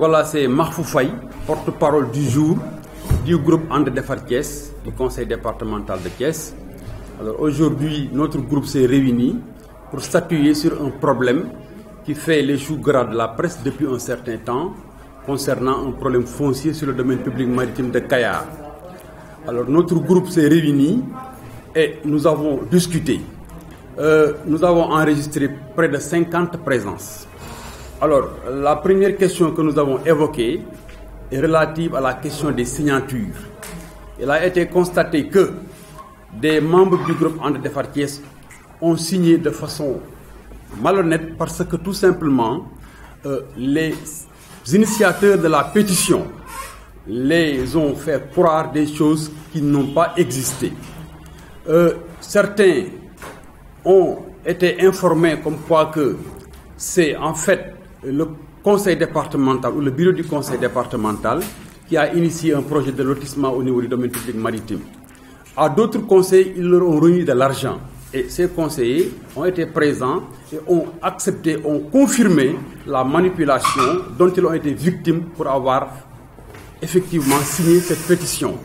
Voilà, c'est Mahfou Faye, porte-parole du jour du groupe André Defar Kies, du conseil départemental de Kies. Alors aujourd'hui, notre groupe s'est réuni pour statuer sur un problème qui fait les choux gras de la presse depuis un certain temps concernant un problème foncier sur le domaine public maritime de Kayar. Alors notre groupe s'est réuni et nous avons discuté. Euh, nous avons enregistré près de 50 présences alors, la première question que nous avons évoquée est relative à la question des signatures. Il a été constaté que des membres du groupe André Defartiès ont signé de façon malhonnête parce que tout simplement euh, les initiateurs de la pétition les ont fait croire des choses qui n'ont pas existé. Euh, certains ont été informés comme quoi que c'est en fait le conseil départemental ou le bureau du conseil départemental qui a initié un projet de lotissement au niveau du domaine public maritime. À d'autres conseils, ils leur ont remis de l'argent. Et ces conseillers ont été présents et ont accepté, ont confirmé la manipulation dont ils ont été victimes pour avoir effectivement signé cette pétition.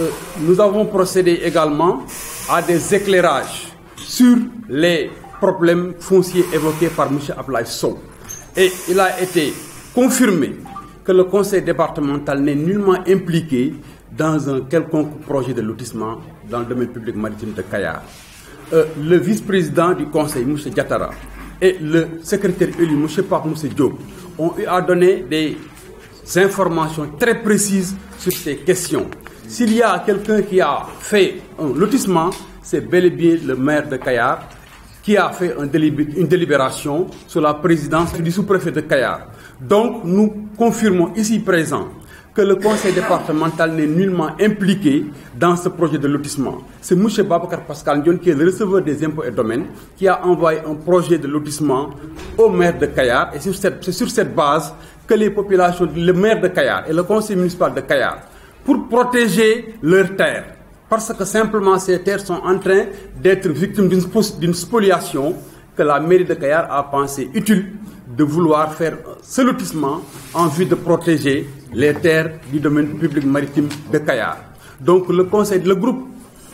Euh, nous avons procédé également à des éclairages sur les problèmes fonciers évoqués par M. Ablaï et il a été confirmé que le conseil départemental n'est nullement impliqué dans un quelconque projet de lotissement dans le domaine public maritime de Kayar. Euh, le vice-président du conseil, M. Diatara, et le secrétaire élu, M. Pape M. Diop, ont eu à donner des informations très précises sur ces questions. S'il y a quelqu'un qui a fait un lotissement, c'est bel et bien le maire de Kayar, qui a fait une délibération sur la présidence du sous-préfet de Kayar. Donc, nous confirmons ici présent que le conseil départemental n'est nullement impliqué dans ce projet de lotissement. C'est M. Babacar Pascal Ndion, qui est le receveur des impôts et domaines, qui a envoyé un projet de lotissement au maire de Kayar. Et c'est sur, cette base que les populations, le maire de Kayar et le conseil municipal de Kayar, pour protéger leurs terres, parce que simplement ces terres sont en train d'être victimes d'une spoliation que la mairie de Kayar a pensé utile de vouloir faire ce lotissement en vue de protéger les terres du domaine public maritime de Kayar. Donc le conseil, le groupe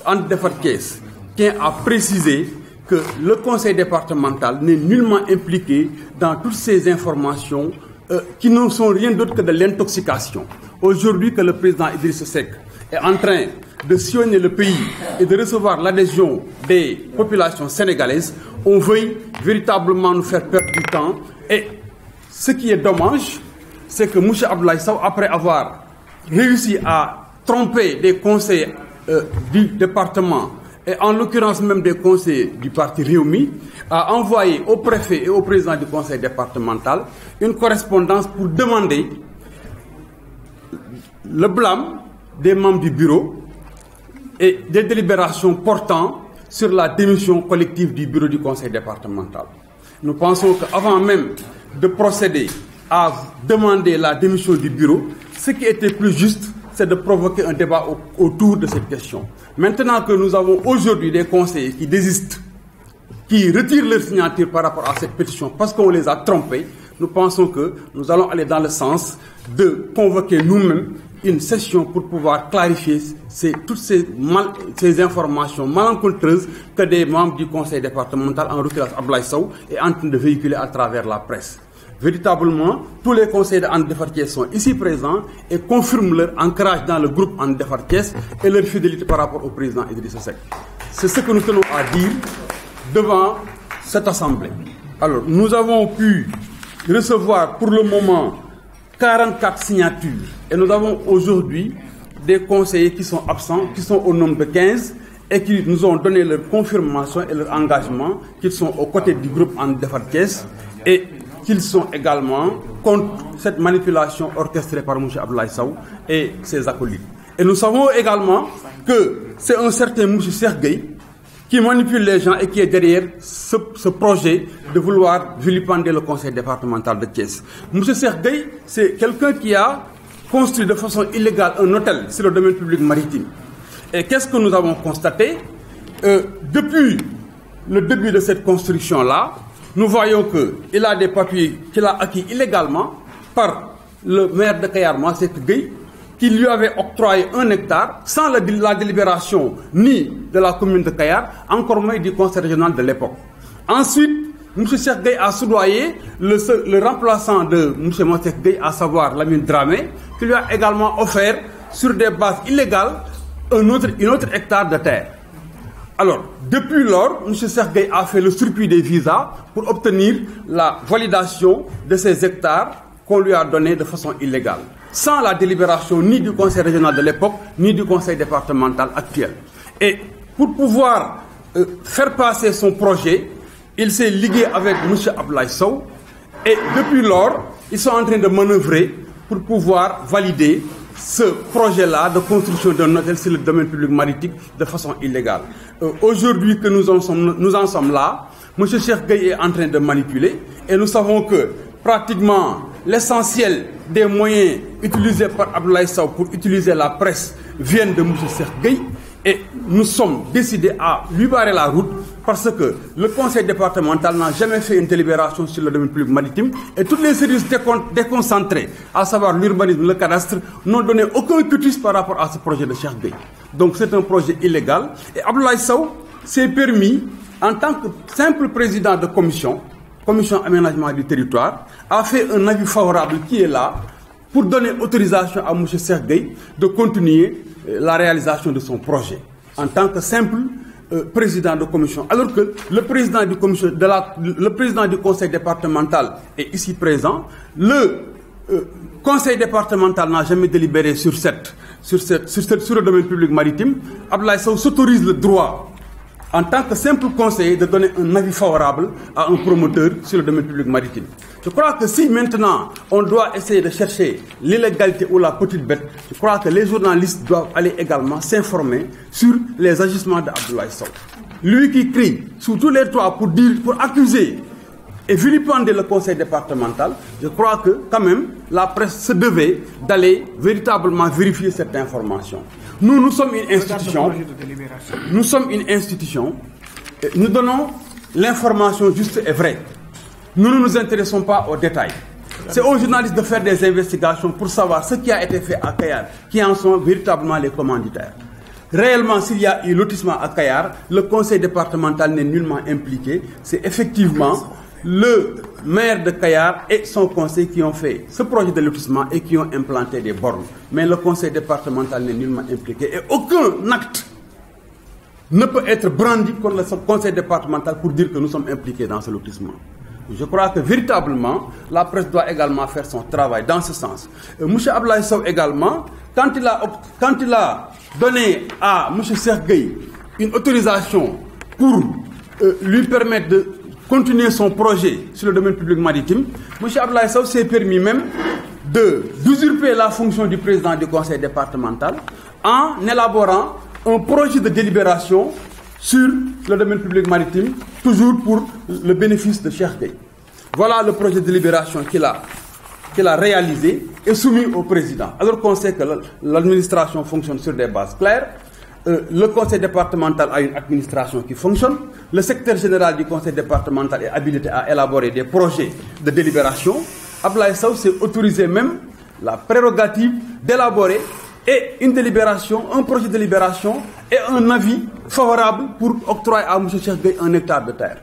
Antidefarquès tient à préciser que le conseil départemental n'est nullement impliqué dans toutes ces informations euh, qui ne sont rien d'autre que de l'intoxication. Aujourd'hui que le président Idriss Seck est en train de sionner le pays et de recevoir l'adhésion des populations sénégalaises, on veut véritablement nous faire perdre du temps. Et ce qui est dommage, c'est que Moussa Abdoulaye après avoir réussi à tromper des conseils euh, du département et en l'occurrence même des conseils du parti Réumi, a envoyé au préfet et au président du conseil départemental une correspondance pour demander le blâme des membres du bureau et des délibérations portant sur la démission collective du bureau du conseil départemental. Nous pensons qu'avant même de procéder à demander la démission du bureau, ce qui était plus juste, c'est de provoquer un débat autour de cette question. Maintenant que nous avons aujourd'hui des conseillers qui désistent, qui retirent leur signature par rapport à cette pétition parce qu'on les a trompés, nous pensons que nous allons aller dans le sens de convoquer nous-mêmes une session pour pouvoir clarifier toutes ces, ces informations malencontreuses que des membres du conseil départemental, en à Ablaï est en train de véhiculer à travers la presse. Véritablement, tous les conseils d'Andefarties sont ici présents et confirment leur ancrage dans le groupe Andefarties et leur fidélité par rapport au président Idrissa Seck. C'est ce que nous tenons à dire devant cette assemblée. Alors, nous avons pu recevoir pour le moment 44 signatures. Et nous avons aujourd'hui des conseillers qui sont absents, qui sont au nombre de 15 et qui nous ont donné leur confirmation et leur engagement qu'ils sont aux côtés du groupe en et qu'ils sont également contre cette manipulation orchestrée par M. Abdoulaye et ses acolytes. Et nous savons également que c'est un certain M. Sergueï qui manipule les gens et qui est derrière ce, projet de vouloir vilipender le conseil départemental de Thiès. Monsieur Sergueï, c'est quelqu'un qui a construit de façon illégale un hôtel sur le domaine public maritime. Et qu'est-ce que nous avons constaté euh, Depuis le début de cette construction-là, nous voyons qu'il a des papiers qu'il a acquis illégalement par le maire de Kayarma, c'est Guy, qui lui avait octroyé un hectare sans la, délibération ni de la commune de Kayar, encore moins du conseil régional de l'époque. Ensuite, M. Sergei a soudoyé le, remplaçant de M. Cheikh à savoir mine Dramé, qui lui a également offert, sur des bases illégales, un autre, une autre hectare de terre. Alors, depuis lors, M. Sergei a fait le circuit des visas pour obtenir la validation de ces hectares qu'on lui a donnés de façon illégale sans la délibération ni du conseil régional de l'époque, ni du conseil départemental actuel. Et pour pouvoir euh, faire passer son projet, il s'est ligué avec M. Ablaï et depuis lors, ils sont en train de manœuvrer pour pouvoir valider ce projet-là de construction d'un hôtel sur le domaine public maritime de façon illégale. Euh, aujourd'hui que nous en, sommes, nous en sommes là, M. Cheikh Gueye est en train de manipuler et nous savons que pratiquement l'essentiel des moyens utilisés par Abdoulaye Sow pour utiliser la presse viennent de M. Sergueï et nous sommes décidés à lui barrer la route parce que le conseil départemental n'a jamais fait une délibération sur le domaine public maritime et tous les services déconcentrés, à savoir l'urbanisme, le cadastre, n'ont donné aucun cutis par rapport à ce projet de Cheikh Donc c'est un projet illégal et Abdoulaye Sow s'est permis, en tant que simple président de commission, commission aménagement du territoire, a fait un avis favorable qui est là pour donner autorisation à M. Sergueï de continuer euh, la réalisation de son projet en tant que simple euh, président de commission. Alors que le président du, conseil départemental est ici présent, le euh, conseil départemental n'a jamais délibéré sur, cette, sur, cette, sur, le domaine public maritime. Abdoulaye s'autorise le droit en tant que simple conseiller, de donner un avis favorable à un promoteur sur le domaine public maritime. Je crois que si maintenant on doit essayer de chercher l'illégalité ou la petite bête, je crois que les journalistes doivent aller également s'informer sur les agissements d'Abdoulaye Sow. Lui qui crie sous tous les toits pour dire, pour accuser et vilipender le conseil départemental, je crois que quand même la presse se devait d'aller véritablement vérifier cette information. Nous, nous sommes une institution. Nous sommes une institution. Nous donnons l'information juste et vraie. Nous ne nous intéressons pas aux détails. C'est aux journalistes de faire des investigations pour savoir ce qui a été fait à Kayar, qui en sont véritablement les commanditaires. Réellement, s'il y a eu lotissement à Kayar, le conseil départemental n'est nullement impliqué. C'est effectivement le maire de Kayar et son conseil qui ont fait ce projet de lotissement et qui ont implanté des bornes. Mais le conseil départemental n'est nullement impliqué et aucun acte ne peut être brandi contre le conseil départemental pour dire que nous sommes impliqués dans ce lotissement. Je crois que véritablement, la presse doit également faire son travail dans ce sens. M. Ablaï également, quand il, a, quand il a donné à M. Sergueï une autorisation pour euh, lui permettre de continuer son projet sur le domaine public maritime, M. Abdoulaye s'est permis même d'usurper la fonction du président du conseil départemental en élaborant un projet de délibération sur le domaine public maritime, toujours pour le bénéfice de Cheikh Voilà le projet de délibération qu'il a, qu'il a réalisé et soumis au président. Alors qu'on sait que l'administration fonctionne sur des bases claires, euh, le conseil départemental a une administration qui fonctionne, le secteur général du conseil départemental est habilité à élaborer des projets de délibération. Ablaï Sow s'est autorisé même la prérogative d'élaborer et une délibération, un projet de délibération et un avis favorable pour octroyer à M. Chesbey un hectare de terre.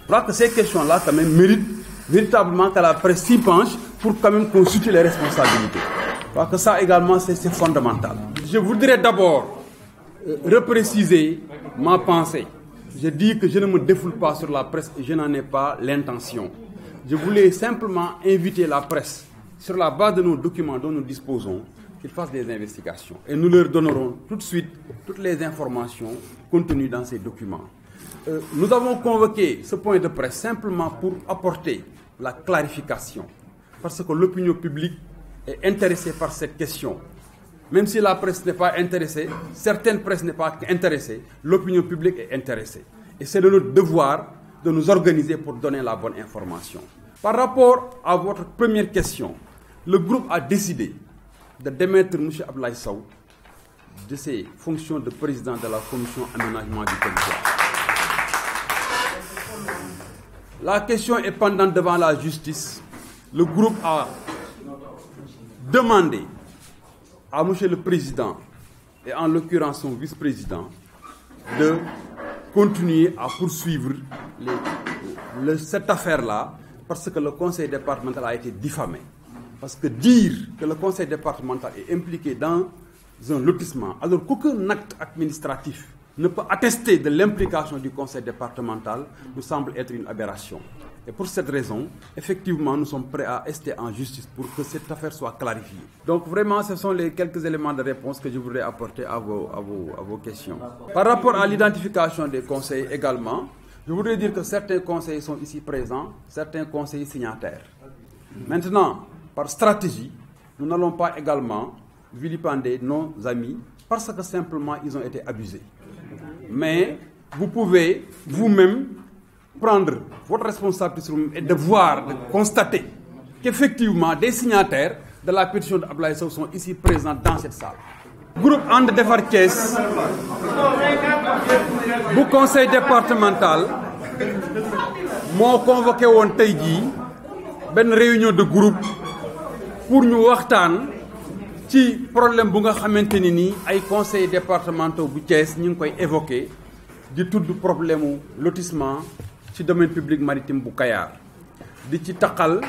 Je crois que ces questions-là, quand même, méritent véritablement que la presse s'y penche pour quand même consulter les responsabilités. Je crois que ça également, c'est fondamental. Je voudrais d'abord euh, repréciser ma pensée. Je dis que je ne me défoule pas sur la presse et je n'en ai pas l'intention. Je voulais simplement inviter la presse, sur la base de nos documents dont nous disposons, qu'ils fassent des investigations. Et nous leur donnerons tout de suite toutes les informations contenues dans ces documents. Euh, nous avons convoqué ce point de presse simplement pour apporter la clarification, parce que l'opinion publique est intéressée par cette question même si la presse n'est pas intéressée, certaines presses n'est pas intéressée, l'opinion publique est intéressée. Et c'est de notre devoir de nous organiser pour donner la bonne information. Par rapport à votre première question, le groupe a décidé de démettre M. Ablaï de ses fonctions de président de la commission aménagement du territoire. La question est pendant devant la justice. Le groupe a demandé à ah, M. le Président, et en l'occurrence son vice-président, de continuer à poursuivre cette affaire-là parce que le conseil départemental a été diffamé. Parce que dire que le conseil départemental est impliqué dans un lotissement alors qu'aucun acte administratif ne peut attester de l'implication du conseil départemental nous semble être une aberration. Et pour cette raison, effectivement, nous sommes prêts à rester en justice pour que cette affaire soit clarifiée. Donc vraiment, ce sont les quelques éléments de réponse que je voudrais apporter à vos, à vos, à vos questions. Par rapport à l'identification des conseils également, je voudrais dire que certains conseils sont ici présents, certains conseils signataires. Maintenant, par stratégie, nous n'allons pas également vilipender nos amis parce que simplement ils ont été abusés. Mais vous pouvez vous-même prendre votre responsabilité et de voir, de constater qu'effectivement des signataires de la pétition de Sow sont ici présents dans cette salle. Groupe André Devarques, le conseil départemental m'a convoqué une une réunion de groupe pour nous voir ci problème que nga avez ni ay conseils départementaux bu évoqué problème lotissement ci domaine public maritime bu Kayar di ci takal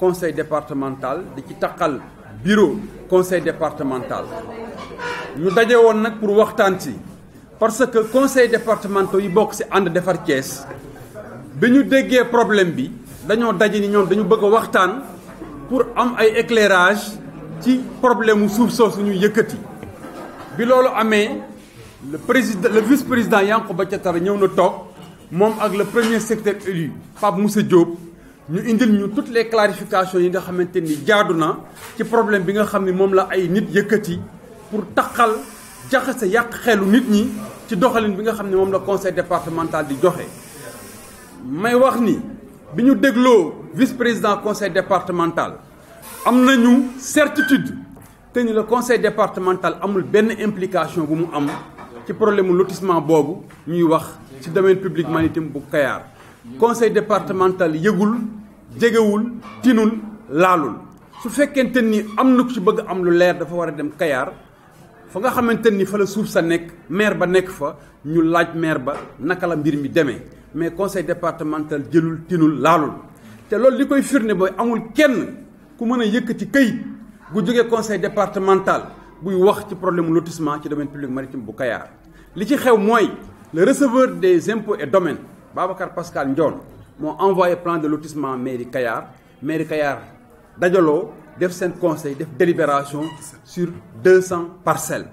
conseil départemental di ci takal bureau conseil départemental ñu daje woon nag pour waxtan ci parce que conseil départemental yi bok ci ànd defar Thiès biñu déggé problème bi dañoo dajé ni ñoom dañu bëgg waxtan pour am ay éclairage ci problème mu suuf soosu ñu yëkkati bi loolu amee le président le vice président Yankhoba Diattara ñëw na toog mom ak le premier secrétaire élu Pape Moussa Diop ñu indil ñu toutes les clarifications yi nga xamanteni ni na ci problème bi nga xamni mom la ay nit yëkëti pour taxal jaxase yak xelu nit ñi ci doxalin bi nga xamni mom la conseil départemental di joxé may wax ni biñu ñu vice président conseil départemental amna ñu certitude que ni le conseil départemental amul ben implication bu mu am ci problème lotissement boobu ñuy wax ci domaine public maritime bu Kayar conseil départemental yëgul jegewul tinul laalul su fekkente ni am na ku ci bëgg am lu leer dafa war a dem Kayar fa nga xamante ni fa la suuf sa nekk maire ba nekk fa ñu laaj maire ba naka la mbir mi demee mais conseil départemental jëlul tinul laalul te loolu li koy firnde booy amul kenn ku mën a yëkkati këyit gu jógee conseil départemental buy wax ci problème lotissement ci domaine public maritime bu Kayar li ci xew le receveur des impôts et domaines Babacar Pascal Ndion moo envoyé plan de lotissement mairie Kayar mairie Kayar a def un conseil def délibération sur 200 parcelles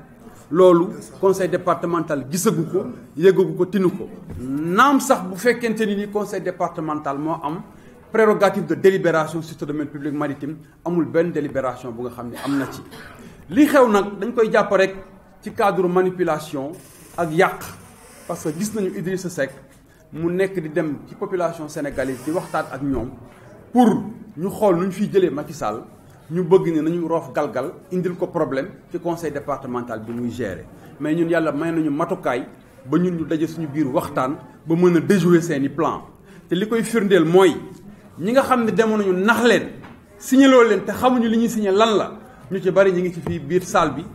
Le conseil départemental gisagu ko yëgagu ko tinu ko naam sax bu fekkente conseil départemental moo am prérogative de délibération sur ce domaine public maritime amul benn délibération bu nga xam ne am na ci li xew nak dañ koy japp rek ci cadre manipulation ak yàq parce que gis nañu Idrissa Seck mu nek di dem ci population sénégalaise di waxtaan ak ñom pour ñu xol nu ñu fiy jëlee Macky Sall ñu bëgg ne nañu roof galgal indil ko problème ci conseil départemental bi muy gérer mais ñun yalla may nañu matukaay ba ñun ñu daje suñu biir waxtaan ba mëna déjouer seeni plan té li koy firndeel mooy ñi nga xam ne demoon nañu nax leen signaloo leen te xamuñu li ñuy signé lan la ñu ci bari ñi ngi ci fi biir salle bi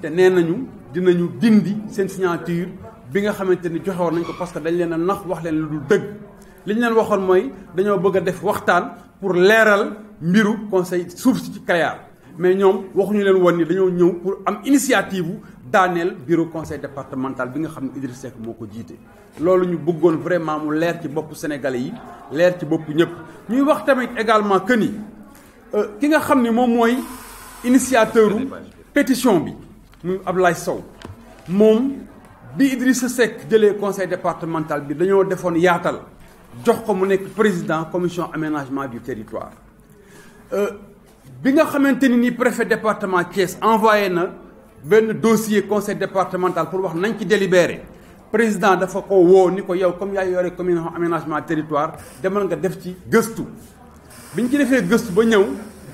te nee nañu dinañu dindi seen signature bi nga xamante ni joxewoon nañ ko parce que dañ leen a nax wax leen lu dul dëgg li ñu leen waxoon mooy dañoo bëgg a def waxtaan pour leeral mbiru conseil suuf si ci Cayar mais ñoom waxuñu leen woon ni dañoo ñëw pour am initiative daaneel bureau conseil départemental bi nga xam ne Idriss Seck moo ko jiite. loolu ñu bëggoon vraiment mu leer ci boppu Sénégalais yi leer ci boppu ñëpp ñuy wax tamit également que ni euh, ki nga xam ni moom mooy initiateur pétition bi muy Abdoulaye Sow mom bi Idrissa Seck jëlee conseil départemental bi dañoo defone yaatal jox ko mu nekk président commission aménagement du territoire euh, bi nga xamanteni ni préfet département Thiès envoyé na ben dossier conseil départemental pour wax nañ ci délibérer président dafa ko wo ni ko yow comme yaa yore commission aménagement territoire demal nga def ci gëstu biñ ci defee gëstu ba ñëw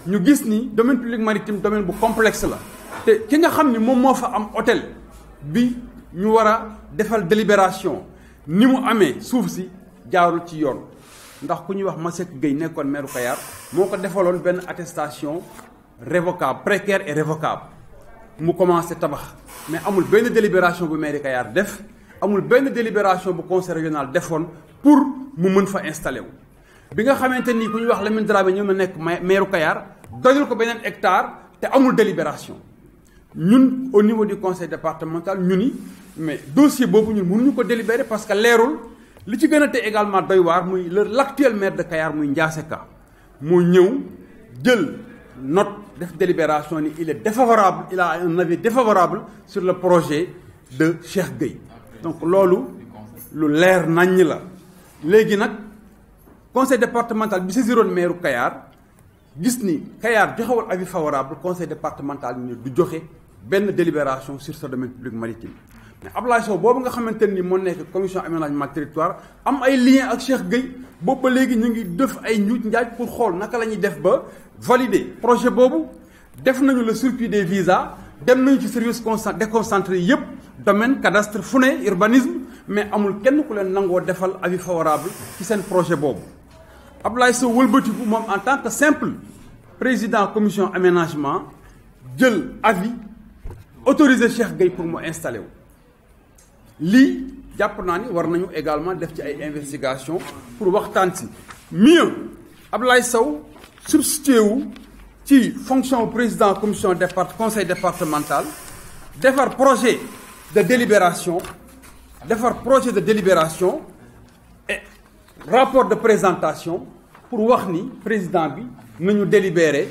ñu gis ni domaine public maritime domaine bu complexe la te ki nga xam ni moom moo am hôtel bi ñu voilà a délibération ni mu amee suuf si jaarul ci yoon ndax ku ñu wax Masek gey nekkoon maire Kayar moko défalon ben attestation révocable précaire et révocable mu commencé tabax mais amul ben délibération bu maire Kayar def amul ben délibération bu conseil régional defoon pour mu mën fa installer. wu bi nga xamante ni ku ñuy wax Lamine Dramé ñu ma nekk maire Kayar doyul ko benen hectare te amul délibération ñun au niveau du conseil départemental ñuni mais dossier bobu ñun mënuñu ko délibérer parce que leerul li ci gëna té également doy war muy l'actuel maire de Kayar muy Ndiasse mo ñew jël note def délibération ni il est défavorable il a un avis défavorable sur le projet de Cheikh Gueye donc lolu lu lèr nañ la légui nak conseil départemental bi saisiroon maire Kayar gis ni Kayar joxewul avis favorable conseil départemental ni du joxé Ben délibération sur ce domaine public maritime mais Ablaye Sow bobu nga xamante ni moo nekk commission aménagement territoire am ay lien ak Cheikh Gueye bobu légui ñu ngi def ay njuuj njaaj pour xol naka lañuy def ba valider projet bobu def nañu le circuit des visas dem nañu ci service déconcentré yépp domaine cadastre fu urbanisme mais amul kenn ku leen nango defal avis favorable ci sen projet bobu Abdoulaye Sow mom en tant que simple président commission aménagement jël avis autoriser Cheikh Gueye pour m'installer installer. Li lii jàpp ni war nañu également def ci ay investigation pour waxtan si mieux Abdoulaye Sow substituer wu ci fonction président commission départ conseil départemental defar projet de délibération projet de délibération et rapport de présentation pour wax le président bi nous délibérer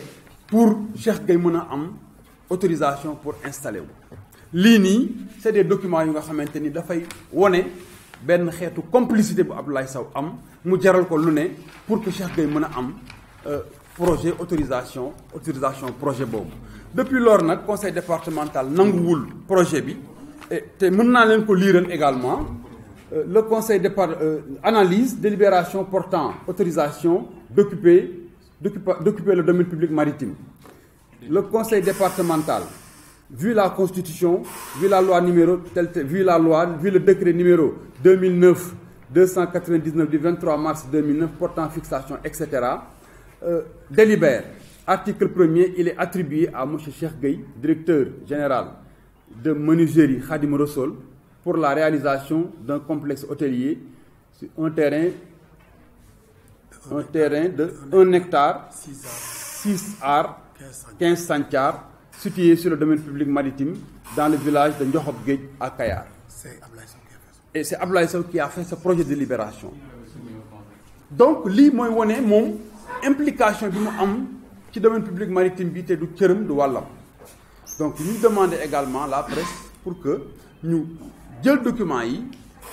pour Cheikh l'autorisation am autorisation pour installer Lini c'est des documents yu nga Il ni que nous ben la complicité bu Abdoulaye Sow am mu jaral pour que Cheikh chef l'autorisation. am euh, projet autorisation autorisation projet Bob depuis lors le conseil départemental a projet bi projet Nous naa lire également. Euh, le Conseil euh, analyse délibération portant autorisation d'occuper d'occuper le domaine public maritime. Le Conseil départemental, vu la Constitution, vu la loi numéro, vu la loi, vu le décret numéro 2009 299 du 23 mars 2009 portant fixation, etc. Euh, délibère. Article 1er, il est attribué à M. Cheikh Gueye, directeur général de menuiserie Khadim Rossol, pour la réalisation d'un complexe hôtelier sur un terrain, un, terrain de 1 hectare, 6 ar, 15 centiards, situé sur le domaine public maritime dans le village de Ndjokhobguej à Kayar. Et c'est Ablaïsou qui a fait ce projet de libération. donc l'implication implication bi domaine public maritime du terme de Wallam donc nous demandons également la presse pour que nous jël document yi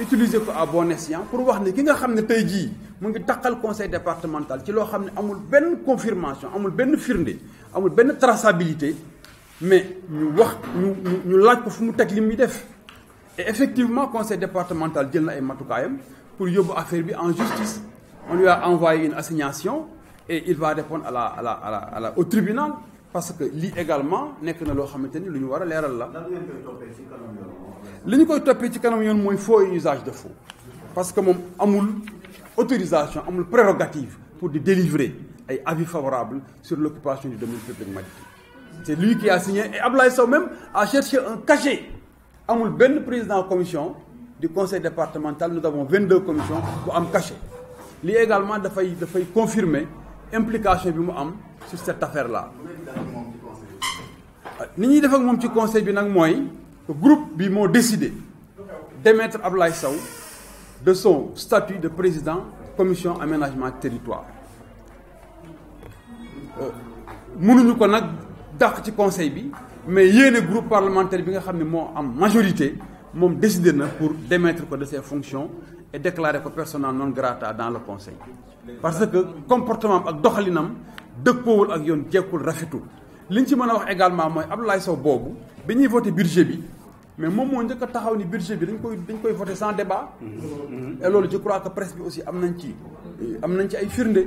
utiliser ko à bon escient pour wax ni ki nga xam ne tey jii mu ngi taqal conseil départemental ci loo xam ne amul benn confirmation amul benn firnde amul benn traçabilité mais ñu wax ñu ñu laaj ko fu mu teg def et effectivement conseil départemental jël na ay matukaayam pour yóbbu affaire bi en justice on lui a envoyé une assignation et il va répondre à la à la à la au tribunal parce que li également nek na lo xamanteni ni lu ñu war a la. li ñu koy toppee ci kanam yoon moy faux usage de faux. parce que mom amul autorisation amul prérogative pour de délivrer ay avis favorable sur l'occupation du domaine public Madické. c'est lui qui a signé et Ablaye Sow même a cherché un cachet amul ben président commission du conseil départemental nous avons 22 commissions pour am cachet. li également da fay confirmer implication bi mu am sur cette affaire-là. Euh, ni ñi def ak moom ci conseil bi que moy groupe bi mo décidé d'émettre Ablaye Sow de son statut de président commission aménagement territoire euh, mënuñu ko nak dàq ci conseil bi mais le groupe parlementaire bi nga xamné qui, majorité mom décidé na pour démettre de ses fonctions et déclarer ko n'est non grata dans le conseil parce que comportement ak doxalinam dëppoowul ak yoon jekkul rafetul liñ ci mën a wax également mooy Abdoulaye Sow boobu bi ñuy voté budget bi mais moom moo njëkk a taxaw ni budget bi dañ koy dañ koy voté sans débat mm-hmm. et loolu je crois que presse bi aussi am nañ ci am nañ ci ay firnde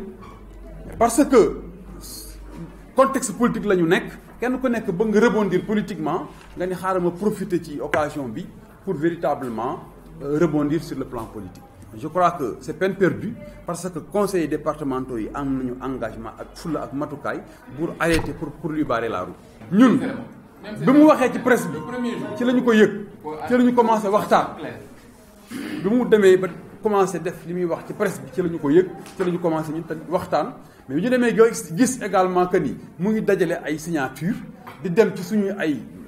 parce que contexte politique la ñu nekk kenn ku nekk bëgg nga rebondir politiquement nga ni xaaral ma profiter ci occasion bi pour véritablement euh, rebondir sur le plan politique je crois que c'est peine perdue parce que conseil départemental a am un engagement ak pour arrêter pour lui barrer la route. ñun bi mu ci presse bi ci la ko yëg ci lañu commencé waxtaan ba commencé def li wax presse bi ci commencé mais ñu démé gis également que ni mu ngi des ay signature di dem ci suñu ay.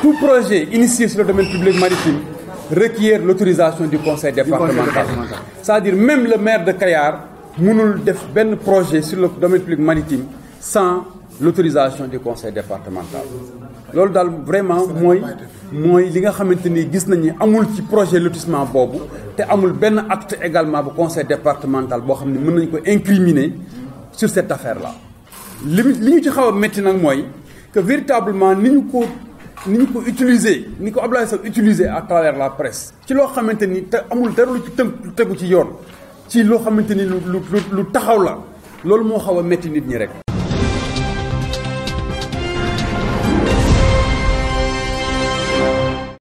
Tout projet initié sur le domaine public maritime requiert l'autorisation du conseil départemental. C'est-à-dire même le maire de Kayar mënul def ben projet sur le domaine public maritime sans l'autorisation du conseil départemental loolu dal vraiment moy moy li nga xamanteni gis nañ ni amul ci projet lotissement bobu té amul ben acte également au conseil départemental pour xamni mën ko incriminer sur cette affaire là li ñu ci xaw que véritablement ni ko ni ñu ko utiliser ni ko Abdoulaye Sow utiliser à travers la presse ci loo xamante ni te amul dara lu ci tënk tegu ci yoon ci loo xamante ni lu lu lu taxaw la loolu moo xaw a metti nit ñi rek.